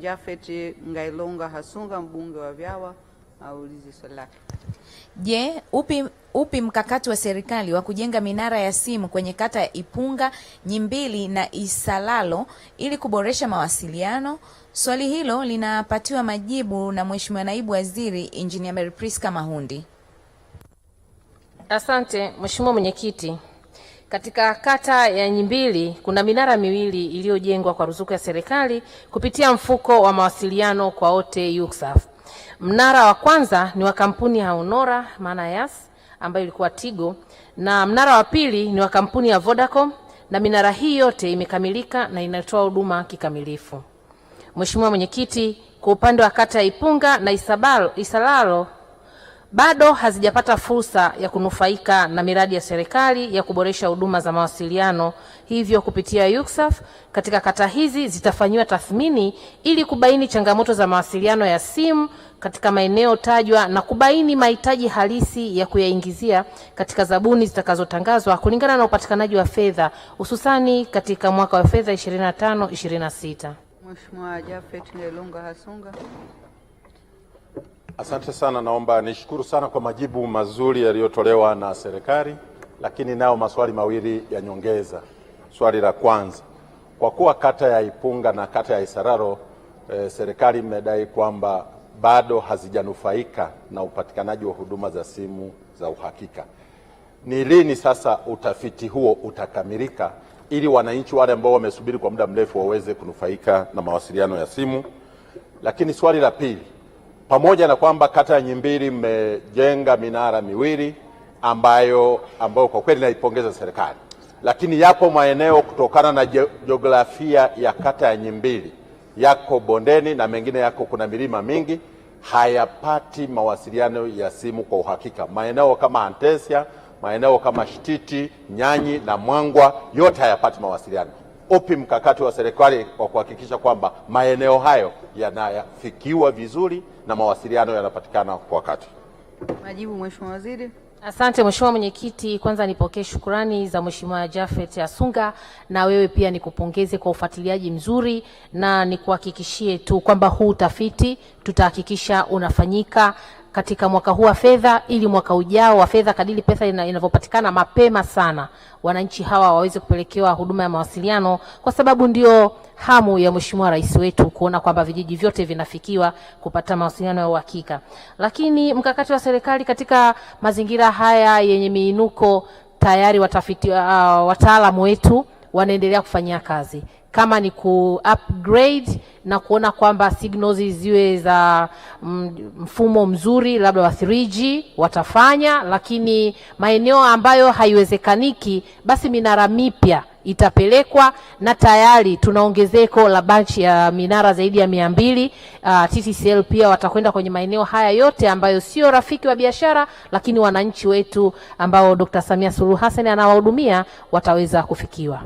Jafet Ngailonga Hasunga mbunge wa Vyawa aulize swali lake. Je, upi, upi mkakati wa serikali wa kujenga minara ya simu kwenye kata ya Ipunga, Nyimbili na Isalalo ili kuboresha mawasiliano? Swali hilo linapatiwa majibu na Mheshimiwa Naibu Waziri Engineer Mary Priska Mahundi. Asante Mheshimiwa Mwenyekiti. Katika kata ya Nyimbili kuna minara miwili iliyojengwa kwa ruzuku ya serikali kupitia mfuko wa mawasiliano kwa wote UCSAF. Mnara wa kwanza ni wa kampuni ya Honora maana Yas ambayo ilikuwa Tigo, na mnara wa pili ni wa kampuni ya Vodacom, na minara hii yote imekamilika na inatoa huduma kikamilifu. Mheshimiwa Mwenyekiti, kwa upande wa kata ya Ipunga na Isalalo bado hazijapata fursa ya kunufaika na miradi ya serikali ya kuboresha huduma za mawasiliano. Hivyo, kupitia Yuksaf katika kata hizi zitafanyiwa tathmini ili kubaini changamoto za mawasiliano ya simu katika maeneo tajwa na kubaini mahitaji halisi ya kuyaingizia katika zabuni zitakazotangazwa kulingana na upatikanaji wa fedha hususani katika mwaka wa fedha 25 26. Mheshimiwa Jafet Nelunga Hasunga. Asante sana, naomba nishukuru sana kwa majibu mazuri yaliyotolewa na serikali, lakini nayo maswali mawili ya nyongeza. Swali la kwanza, kwa kuwa kata ya Ipunga na kata ya Isararo e, serikali imedai kwamba bado hazijanufaika na upatikanaji wa huduma za simu za uhakika, ni lini sasa utafiti huo utakamilika ili wananchi wale ambao wamesubiri kwa muda mrefu waweze kunufaika na mawasiliano ya simu? Lakini swali la pili pamoja na kwamba kata ya Nyimbili mmejenga minara miwili ambayo, ambayo kwa kweli naipongeza serikali, lakini yapo maeneo kutokana na jiografia ya kata ya Nyimbili yako bondeni na mengine yako kuna milima mingi, hayapati mawasiliano ya simu kwa uhakika. Maeneo kama Antesia, maeneo kama Shtiti, Nyanyi na Mwangwa yote hayapati mawasiliano upi mkakati wa serikali kwa kuhakikisha kwamba maeneo hayo yanafikiwa vizuri na mawasiliano yanapatikana kwa wakati? Majibu, Mheshimiwa Waziri. Asante Mheshimiwa Mwenyekiti, kwanza nipokee shukurani za Mheshimiwa Jafet Asunga, na wewe pia nikupongeze kwa ufuatiliaji mzuri, na nikuhakikishie tu kwamba huu utafiti tutahakikisha unafanyika katika mwaka huu wa fedha ili mwaka ujao wa fedha kadiri pesa inavyopatikana mapema sana wananchi hawa waweze kupelekewa huduma ya mawasiliano, kwa sababu ndio hamu ya Mheshimiwa Rais wetu kuona kwamba vijiji vyote vinafikiwa kupata mawasiliano ya uhakika. Lakini mkakati wa serikali katika mazingira haya yenye miinuko tayari watafiti, uh, wataalamu wetu wanaendelea kufanyia kazi kama ni ku upgrade na kuona kwamba signals ziwe za mm, mfumo mzuri labda wa 3G watafanya, lakini maeneo ambayo haiwezekaniki basi minara mipya itapelekwa na tayari tuna ongezeko la batch ya minara zaidi ya mia mbili. Uh, ah, TTCL pia watakwenda kwenye maeneo haya yote ambayo sio rafiki wa biashara, lakini wananchi wetu ambao Dr. Samia Suluhu Hassan anawahudumia wataweza kufikiwa.